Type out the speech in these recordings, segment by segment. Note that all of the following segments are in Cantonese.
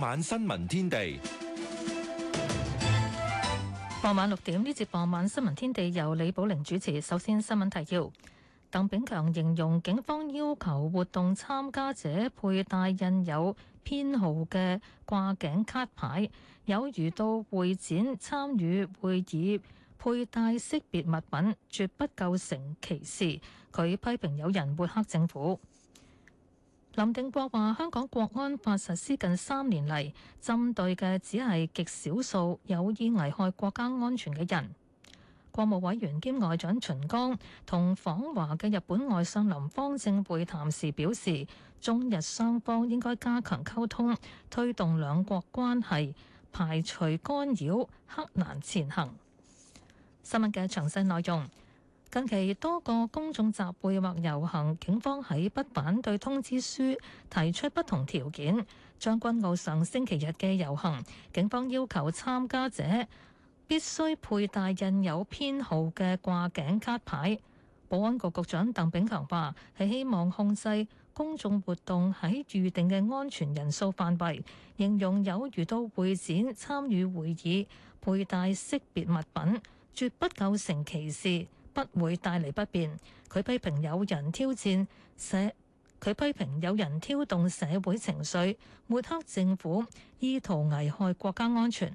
晚新聞天地。傍晚六點，呢節傍晚新聞天地由李寶玲主持。首先新聞提要，鄧炳強形容警方要求活動參加者佩戴印有編號嘅掛頸卡牌，有如到會展參與會議佩戴識別物品，絕不構成歧視。佢批評有人抹黑政府。林定國話：香港國安法實施近三年嚟，針對嘅只係極少數有意危害國家安全嘅人。國務委員兼外長秦剛同訪華嘅日本外相林芳正會談時表示，中日雙方應該加強溝通，推動兩國關係排除干擾，克難前行。新聞嘅詳細內容。近期多個公眾集會或遊行，警方喺不反對通知書提出不同條件。將軍澳上星期日嘅遊行，警方要求參加者必須佩戴印有編號嘅掛頸卡牌。保安局局長鄧炳強話：係希望控制公眾活動喺預定嘅安全人數範圍。形容猶如到會展參與會議佩戴識別物品，絕不構成歧視。不會帶嚟不便。佢批評有人挑戰社，佢批評有人挑動社會情緒，抹黑政府，意圖危害國家安全。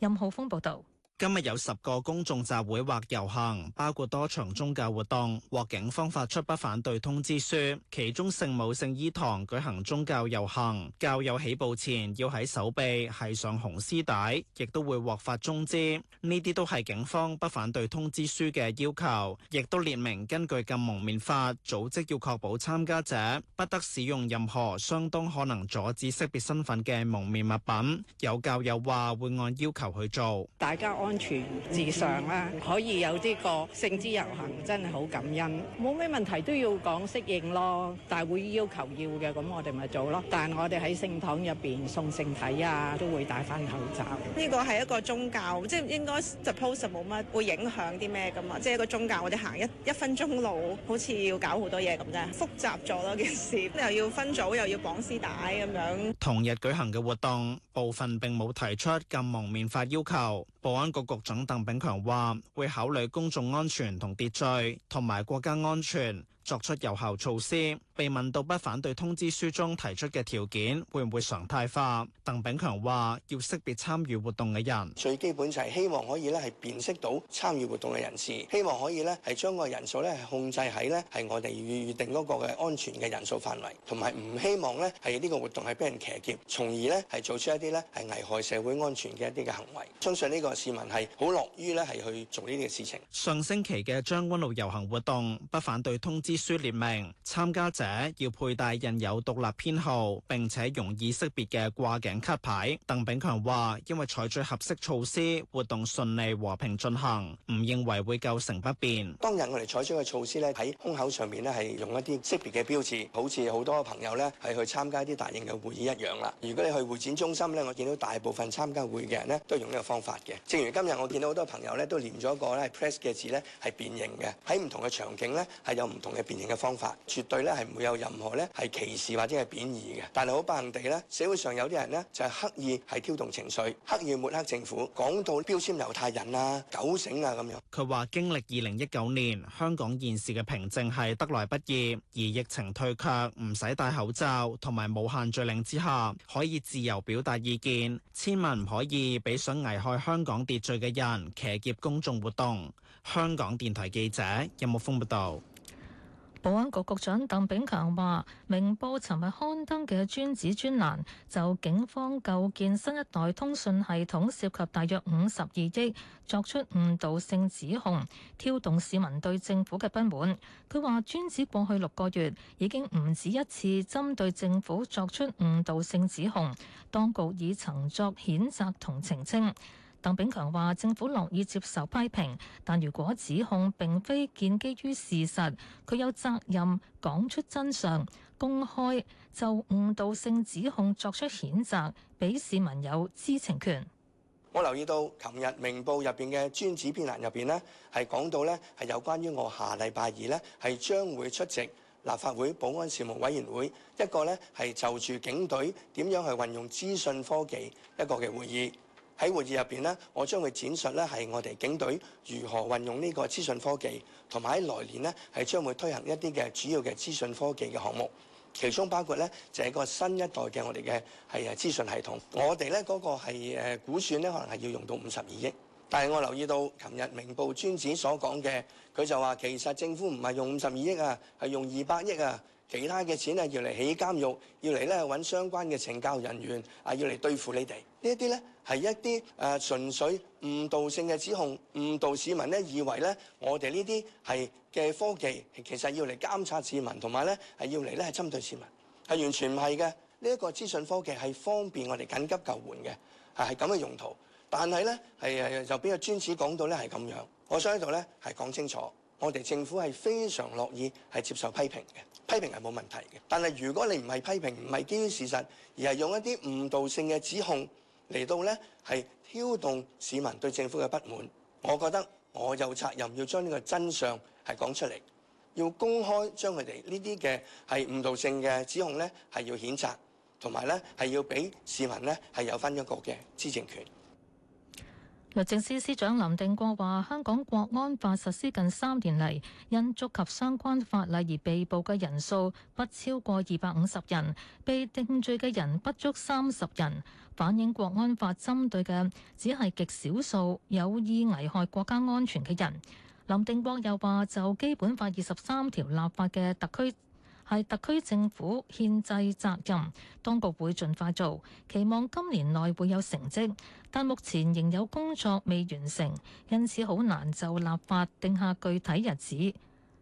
任浩峰報導。今日有十個公眾集會或遊行，包括多場宗教活動，獲警方發出不反對通知書。其中聖母聖衣堂舉行宗教遊行，教友起步前要喺手臂繫上紅絲帶，亦都會獲發中資。呢啲都係警方不反對通知書嘅要求，亦都列明根據禁蒙面法，組織要確保參加者不得使用任何相當可能阻止識別身份嘅蒙面物品。有教友話會按要求去做，大家安。安全至上啦，可以有啲個聖枝遊行，真係好感恩。冇咩問題都要講適應咯，但會要求要嘅，咁我哋咪做咯。但係我哋喺聖堂入邊送聖體啊，都會戴翻口罩。呢個係一個宗教，即係應該 suppose 冇乜會影響啲咩噶嘛。即係一個宗教，我哋行一一分鐘路，好似要搞好多嘢咁啫，複雜咗咯件事。又要分組，又要綁絲帶咁樣。同日舉行嘅活動。部分並冇提出禁蒙面法要求，保安局局長鄧炳強話：會考慮公眾安全同秩序，同埋國家安全，作出有效措施。被問到不反對通知書中提出嘅條件會唔會常態化，鄧炳強話：要識別參與活動嘅人，最基本就係希望可以咧係辨識到參與活動嘅人士，希望可以咧係將個人數咧係控制喺咧係我哋預定嗰個嘅安全嘅人數範圍，同埋唔希望咧係呢個活動係俾人騎劫，從而咧係做出一啲咧係危害社會安全嘅一啲嘅行為。相信呢個市民係好樂於咧係去做呢啲嘅事情。上星期嘅將軍澳遊行活動，不反對通知書列明參加者。要佩戴印有獨立編號並且容易識別嘅掛頸卡牌。鄧炳強話：因為採取合適措施，活動順利和平進行，唔認為會構成不便。當日我哋採取嘅措施呢喺胸口上面咧係用一啲識別嘅標誌，好似好多朋友呢係去參加啲大型嘅會議一樣啦。如果你去會展中心，我見到大部分參加會嘅人都用呢個方法嘅。正如今日我見到好多朋友呢都連咗個 press 嘅字呢係變形嘅，喺唔同嘅場景呢係有唔同嘅變形嘅方法，絕對咧係唔。冇有任何呢，係歧視或者係貶義嘅，但係好不幸地咧，社會上有啲人呢，就係刻意係挑動情緒，刻意抹黑政府，講到標籤猶太人啊、狗醒啊咁樣。佢話經歷二零一九年香港現時嘅平靜係得來不易，而疫情退卻，唔使戴口罩同埋無限聚令之下，可以自由表達意見，千萬唔可以俾想危害香港秩序嘅人騎劫公眾活動。香港電台記者任木風報道。有保安局局長鄧炳強話：明報尋日刊登嘅專子專欄就警方構建新一代通訊系統涉及大約五十二億作出誤導性指控，挑動市民對政府嘅不滿。佢話專指過去六個月已經唔止一次針對政府作出誤導性指控，當局已曾作譴責同澄清。鄧炳強話：政府樂意接受批評，但如果指控並非建基於事實，佢有責任講出真相、公開就誤導性指控作出譴責，俾市民有知情權。我留意到琴日《明報》入邊嘅尊子專欄入邊呢係講到呢係有關於我下禮拜二呢係將會出席立法會保安事務委員會一個呢係就住警隊點樣去運用資訊科技一個嘅會議。喺會議入面，我將會展述係我哋警隊如何運用呢個資訊科技，同埋喺來年咧係將會推行一啲嘅主要嘅資訊科技嘅項目，其中包括咧就係個新一代嘅我哋嘅資訊系統。我哋咧個係估算，可能係要用到五十二億，但係我留意到琴日明報專子所講嘅，佢就話其實政府唔係用五十二億呀，係用二百億。其他嘅錢要嚟起監獄，要嚟咧揾相關嘅懲教人員，要嚟對付你哋呢一啲咧，係一啲純粹誤導性嘅指控，誤導市民呢以為呢我哋呢啲係嘅科技其實要嚟監察市民，同埋係要嚟咧係針對市民，係完全唔係嘅。呢一個資訊科技係方便我哋緊急救援嘅，係咁嘅用途。但係呢，係係由邊個專講到呢係咁樣，我想喺度咧係講清楚。我哋政府係非常樂意係接受批評嘅，批評係冇問題嘅。但係如果你唔係批評，唔係基於事實，而係用一啲誤導性嘅指控嚟到咧，係挑動市民對政府嘅不滿，我覺得我有責任要將呢個真相係講出嚟，要公開將佢哋呢啲嘅係誤導性嘅指控咧，係要譴責，同埋咧，係要俾市民咧，係有返一個嘅知情權。律政司司長林定國話：香港國安法實施近三年嚟，因觸及相關法例而被捕嘅人數不超過二百五十人，被定罪嘅人不足三十人，反映國安法針對嘅只係極少數有意危害國家安全嘅人。林定國又話：就基本法二十三條立法嘅特區。係特區政府憲制責任，當局會盡快做，期望今年內會有成績，但目前仍有工作未完成，因此好難就立法定下具體日子。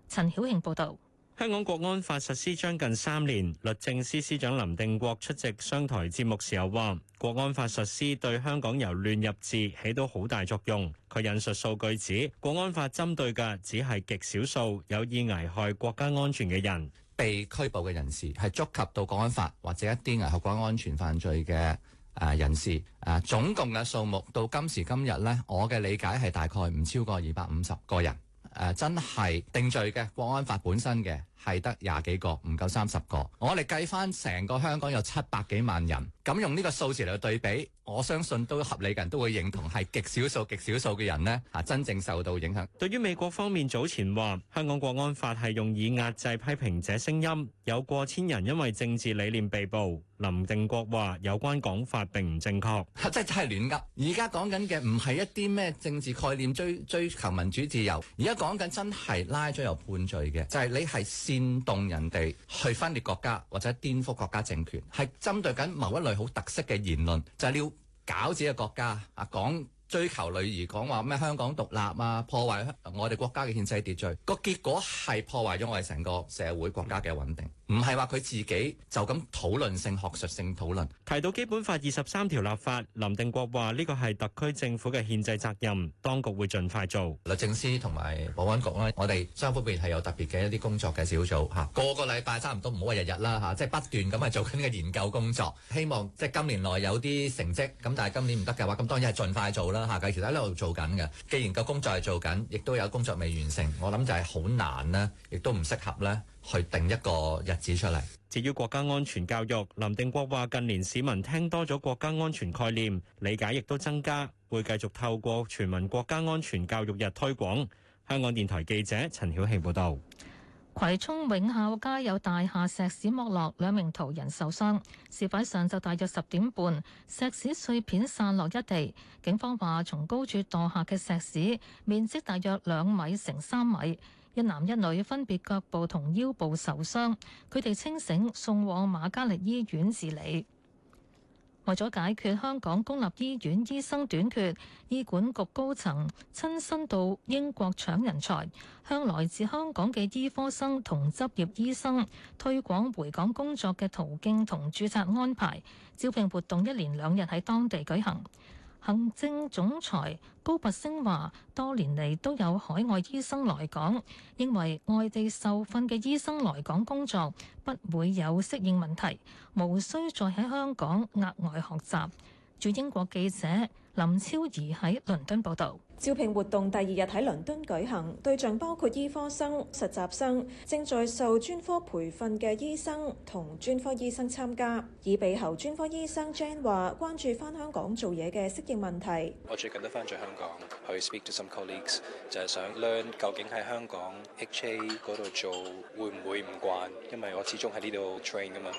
陳曉慶報導，香港國安法實施將近三年，律政司司長林定國出席商台節目時候話，國安法實施對香港由亂入治起到好大作用。佢引述數據指，國安法針對嘅只係極少數有意危害國家安全嘅人。被拘捕嘅人士係觸及到《國安法》或者一啲危害國家安全犯罪嘅誒人士誒，總共嘅數目到今時今日呢，我嘅理解係大概唔超過二百五十個人誒，真係定罪嘅《國安法》本身嘅。係得廿幾個，唔夠三十個。我哋計翻成個香港有七百幾萬人，咁用呢個數字嚟對比，我相信都合理嘅人都會認同係極少數、極少數嘅人呢，真正受到影響。對於美國方面早前話香港國安法係用以壓制批評者聲音，有過千人因為政治理念被捕。林定國話有關講法並唔正確，即係亂噏。而家講緊嘅唔係一啲咩政治概念追追求民主自由，而家講緊真係拉咗又判罪嘅，就係你係。煽動人哋去分裂國家或者顛覆國家政權，係針對緊某一類好特色嘅言論，就係你要搞自己嘅國家啊，講追求女兒講話咩？什麼香港獨立啊，破壞我哋國家嘅憲制秩序。個結果係破壞咗我哋成個社會國家嘅穩定。唔係話佢自己就咁討論性學術性討論。提到基本法二十三條立法，林定國話呢個係特區政府嘅憲制責任，當局會盡快做。律政司同埋保安局咧，我哋雙方面係有特別嘅一啲工作嘅小組嚇。個個禮拜差唔多不，唔好話日日啦嚇，即係不斷咁係做緊嘅研究工作。希望即係今年內有啲成績咁，但係今年唔得嘅話，咁當然係盡快做啦。下屆其實喺度做緊嘅，既然個工作係做緊，亦都有工作未完成，我諗就係好難呢，亦都唔適合呢去定一個日子出嚟。至於國家安全教育，林定國話：近年市民聽多咗國家安全概念，理解亦都增加，會繼續透過全民國家安全教育日推廣。香港電台記者陳曉慶報道。葵涌永孝街有大廈石屎剝落，兩名途人受傷。事發上晝大約十點半，石屎碎片散落一地。警方話，從高處墮下嘅石屎面積大約兩米乘三米，一男一女分別腳部同腰部受傷，佢哋清醒，送往瑪嘉烈醫院治理。為咗解決香港公立醫院醫生短缺，醫管局高層親身到英國搶人才，向來自香港嘅醫科生同執業醫生推廣回港工作嘅途徑同註冊安排，招聘活動一連兩日喺當地舉行。行政總裁高拔升話：多年嚟都有海外醫生來港，認為外地受訓嘅醫生來港工作不會有適應問題，無需再喺香港額外學習。駐英國記者林超怡喺倫敦報道。招聘活動第二日喺倫敦舉行，對象包括醫科生、實習生、正在受專科培訓嘅醫生同專科醫生參加。耳鼻喉專科醫生 Jan 話：關注翻香港做嘢嘅適應問題。我最近都翻咗香港去 speak to some colleagues，就係想 learn 究竟喺香港 HA 嗰度做會唔會唔慣，因為我始終喺呢度 train 㗎嘛。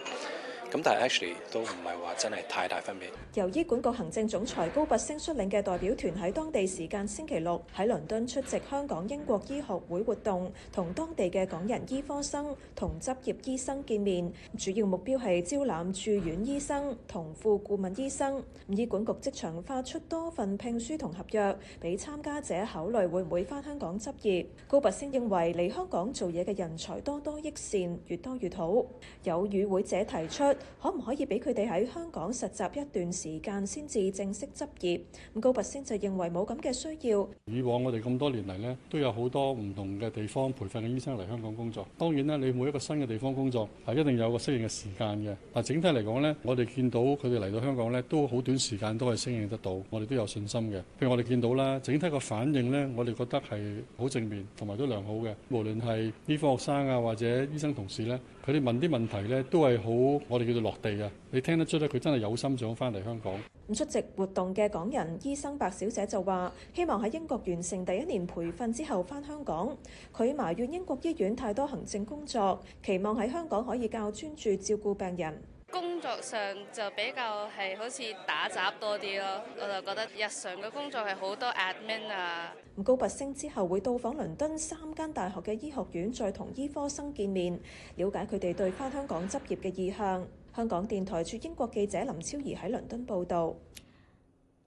咁但係 actually 都唔係話真係太大分別。由醫管局行政總裁高拔升率領嘅代表團喺當地時間。星期六喺倫敦出席香港英國醫學會活動，同當地嘅港人醫科生同執業醫生見面，主要目標係招攬住院醫生同副顧問醫生。醫管局即場發出多份聘書同合約俾參加者考慮，會唔會返香港執業？高拔陞認為嚟香港做嘢嘅人才多多益善，越多越好。有與會者提出，可唔可以俾佢哋喺香港實習一段時間先至正式執業？咁高拔陞就認為冇咁嘅需。以往我哋咁多年嚟呢，都有好多唔同嘅地方培訓嘅醫生嚟香港工作。當然啦，你每一個新嘅地方工作，係一定有個適應嘅時間嘅。嗱，整體嚟講呢，我哋見到佢哋嚟到香港呢，都好短時間都係適應得到。我哋都有信心嘅。譬如我哋見到啦，整體個反應呢，我哋覺得係好正面，同埋都良好嘅。無論係醫科學生啊，或者醫生同事呢，佢哋問啲問題呢，都係好，我哋叫做落地嘅。你聽得出咧，佢真係有心想翻嚟香港。咁出席活動嘅港人醫生白小姐就話：希望喺英國完成第一年培訓之後翻香港。佢埋怨英國醫院太多行政工作，期望喺香港可以較專注照顧病人。工作上就比較係好似打雜多啲咯，我就覺得日常嘅工作係好多 admin 啊。高拔陞之後會到訪倫敦三間大學嘅醫學院，再同醫科生見面，了解佢哋對翻香港執業嘅意向。香港電台駐英國記者林超怡喺倫敦報道。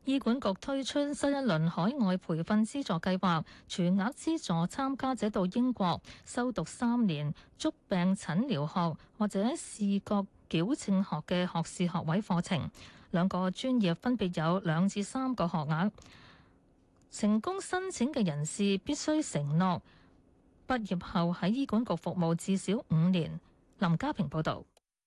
醫管局推出新一輪海外培訓資助計劃，全額資助參加者到英國修讀三年足病診療學或者視覺矯正學嘅學士學位課程。兩個專業分別有兩至三個學額，成功申請嘅人士必須承諾畢業後喺醫管局服務至少五年。林家平報道。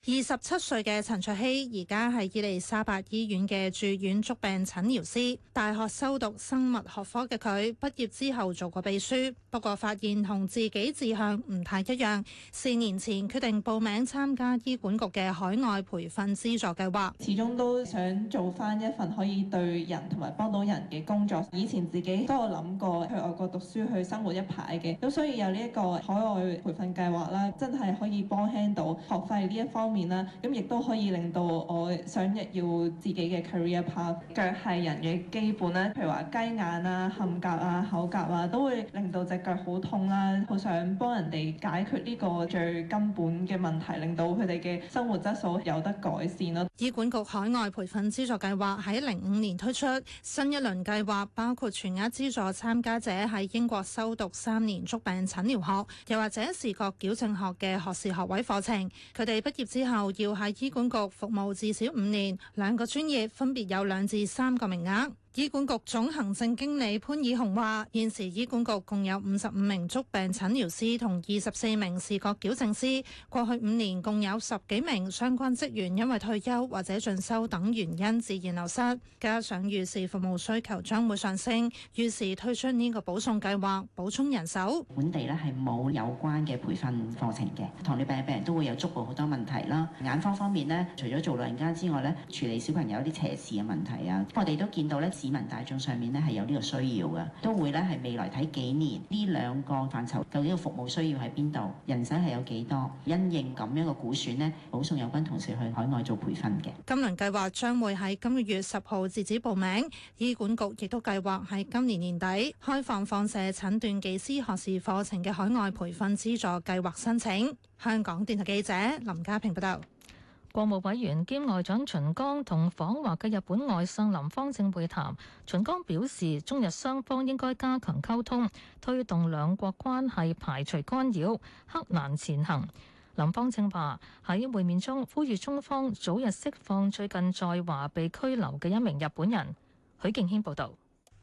二十七歲嘅陳卓希，而家係伊利沙伯醫院嘅住院足病診療師。大學修讀生物學科嘅佢，畢業之後做過秘書，不過發現同自己志向唔太一樣。四年前決定報名參加醫管局嘅海外培訓資助計劃，始終都想做返一份可以對人同埋幫到人嘅工作。以前自己都有諗過去外國讀書去生活一排嘅，咁所以有呢一個海外培訓計劃啦，真係可以幫輕到學費呢一方面。面啦，咁亦都可以令到我想日要自己嘅 career path。腳係人嘅基本咧，譬如話雞眼啊、嵌甲啊、口甲啊，都會令到隻腳好痛啦，好想幫人哋解決呢個最根本嘅問題，令到佢哋嘅生活質素有得改善啦。醫管局海外培訓資助計劃喺零五年推出新一輪計劃，包括全額資助參加者喺英國修讀三年足病診療學，又或者視覺矯正學嘅學士學位課程。佢哋畢業之後之後要喺醫管局服務至少五年，兩個專業分別有兩至三個名額。醫管局總行政經理潘以雄話：現時醫管局共有五十五名足病診療師同二十四名視覺矯正師。過去五年共有十幾名相關職員因為退休或者進修等原因自然流失，加上預示服務需求將會上升，於是推出呢個保送計劃補充人手。本地呢係冇有關嘅培訓課程嘅。糖尿病嘅病人都會有足部好多問題啦。眼科方面呢，除咗做老人家之外呢，處理小朋友啲斜視嘅問題啊，我哋都見到呢。市民大眾上面呢，係有呢個需要嘅，都會咧係未來睇幾年呢兩個範疇究竟個服務需要喺邊度，人手係有幾多，因應咁樣個估算呢，保送有關同事去海外做培訓嘅。今輪計劃將會喺今個月十號截止報名，醫管局亦都計劃喺今年年底開放放射診斷技師學士課程嘅海外培訓資助計劃申請。香港電台記者林家平報道。國務委員兼外長秦剛同訪華嘅日本外相林芳正會談。秦剛表示，中日雙方應該加強溝通，推動兩國關係排除干擾，克難前行。林芳正話喺會面中，呼籲中方早日釋放最近在華被拘留嘅一名日本人。許敬軒報導。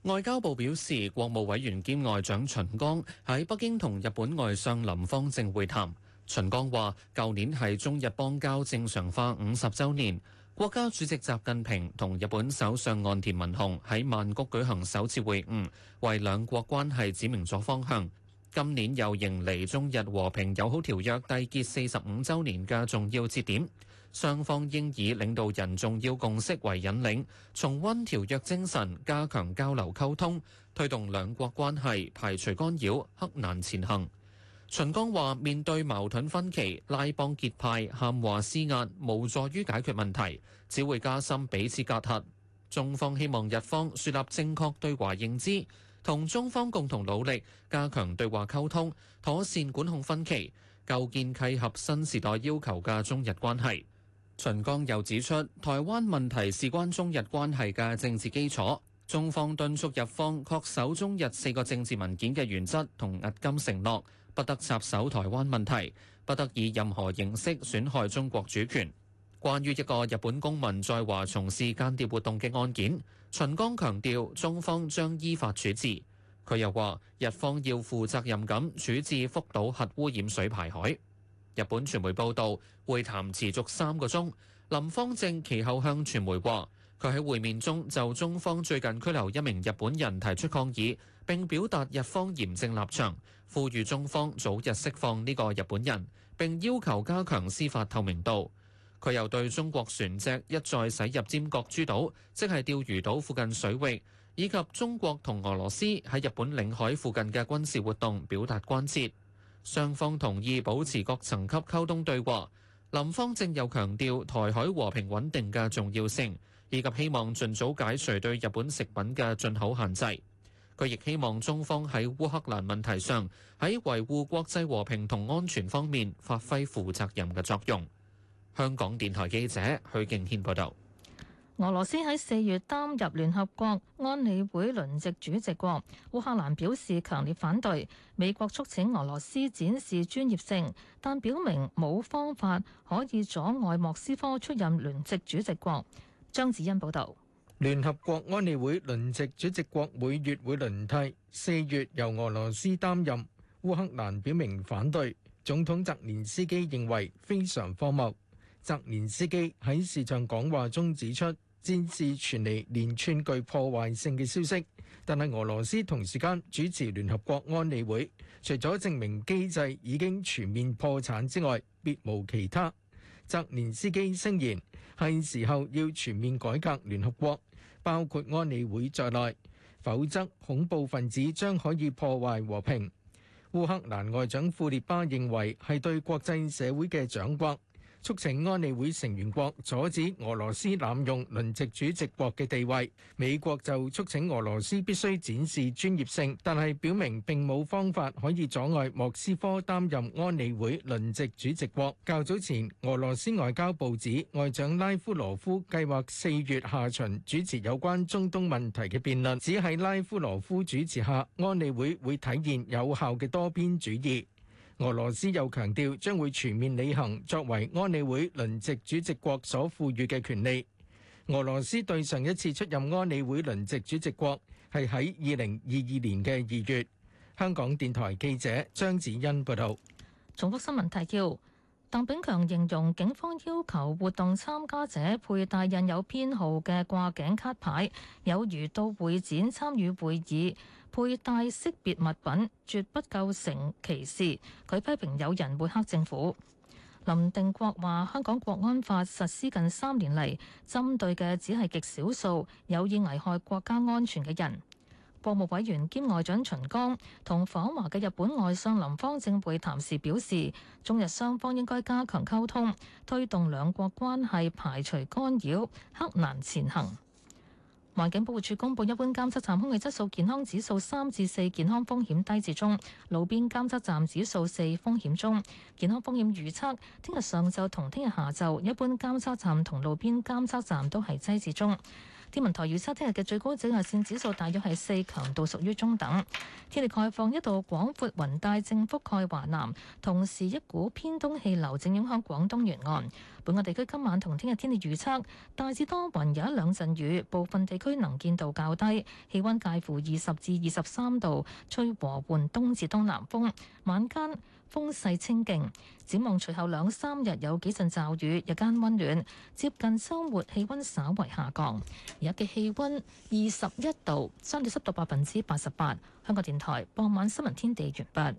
外交部表示，國務委員兼外長秦剛喺北京同日本外相林芳正會談。秦剛話，舊年係中日邦交正常化五十週年，國家主席習近平同日本首相岸田文雄喺曼谷舉行首次會晤，為兩國關係指明咗方向。今年又迎嚟中日和平友好條約締結四十五週年嘅重要節點，雙方應以領導人重要共識為引領，重溫條約精神，加強交流溝通，推動兩國關係排除干擾，克難前行。秦剛話：面對矛盾分歧、拉幫結派、喊話施壓，無助於解決問題，只會加深彼此隔閡。中方希望日方樹立正確對華認知，同中方共同努力，加強對話溝通，妥善管控分歧，構建契合新時代要求嘅中日關係。秦剛又指出，台灣問題事關中日關係嘅政治基礎，中方敦促日方確守中日四個政治文件嘅原則同押金承諾。不得插手台灣問題，不得以任何形式損害中國主權。關於一個日本公民在華從事間諜活動嘅案件，秦剛強調，中方將依法處置。佢又話，日方要負責任咁處置福島核污染水排海。日本傳媒報道，會談持續三個鐘。林芳正其後向傳媒話，佢喺會面中就中方最近拘留一名日本人提出抗議。並表達日方嚴正立場，呼籲中方早日釋放呢個日本人。並要求加強司法透明度。佢又對中國船隻一再駛入尖閣諸島，即係釣魚島附近水域，以及中國同俄羅斯喺日本領海附近嘅軍事活動表達關切。雙方同意保持各層級溝通對話。林芳正又強調台海和平穩定嘅重要性，以及希望盡早解除對日本食品嘅進口限制。佢亦希望中方喺烏克蘭問題上，喺維護國際和平同安全方面發揮負責任嘅作用。香港電台記者許敬軒報道。俄羅斯喺四月擔任聯合國安理會輪值主席國，烏克蘭表示強烈反對。美國促請俄羅斯展示專業性，但表明冇方法可以阻礙莫斯科出任輪值主席國。張子欣報道。聯合國安理會輪值主席國每月會輪替，四月由俄羅斯擔任。烏克蘭表明反對，總統澤連斯基認為非常荒謬。澤連斯基喺視像講話中指出，戰事傳嚟連串具破壞性嘅消息，但係俄羅斯同時間主持聯合國安理會，除咗證明機制已經全面破產之外，別無其他。澤連斯基聲言係時候要全面改革聯合國。包括安理會在內，否則恐怖分子將可以破壞和平。烏克蘭外長庫列巴認為係對國際社會嘅掌摑。促請安理會成員國阻止俄羅斯濫用輪值主席國嘅地位。美國就促請俄羅斯必須展示專業性，但係表明並冇方法可以阻礙莫斯科擔任安理會輪值主席國。較早前，俄羅斯外交部指外長拉夫羅夫計劃四月下旬主持有關中東問題嘅辯論。只係拉夫羅夫主持下，安理會會體現有效嘅多邊主義。俄羅斯又強調將會全面履行作為安理會輪值主席國所賦予嘅權利。俄羅斯對上一次出任安理會輪值主席國係喺二零二二年嘅二月。香港電台記者張子欣報道。重複新聞提要。鄧炳強形容警方要求活動參加者佩戴印有編號嘅掛頸卡牌，有如到會展參與會議。佩戴識別物品絕不構成歧視，佢批評有人抹黑政府。林定國話：香港國安法實施近三年嚟，針對嘅只係極少數有意危害國家安全嘅人。國務委員兼外長秦剛同訪華嘅日本外相林芳正會談時表示，中日雙方應該加強溝通，推動兩國關係排除干擾，克難前行。環境保護署公布一般監測站空氣質素健康指數三至四，健康風險低至中；路邊監測站指數四，風險中。健康風險預測：聽日上晝同聽日下晝，一般監測站同路邊監測站都係低至中。天文台預測聽日嘅最高紫外線指數大約係四，強度屬於中等。天氣概況：一度廣闊雲帶正覆蓋華南，同時一股偏東氣流正影響廣東沿岸。本港地區今晚同聽日天氣預測大致多雲，有一兩陣雨，部分地區能見度較低，氣温介乎二十至二十三度，吹和緩東至東南風，晚間風勢清勁。展望隨後兩三日有幾陣驟雨，日間温暖，接近周末氣温稍為下降。而家嘅氣温二十一度，相對濕度百分之八十八。香港電台傍晚新聞天地完畢。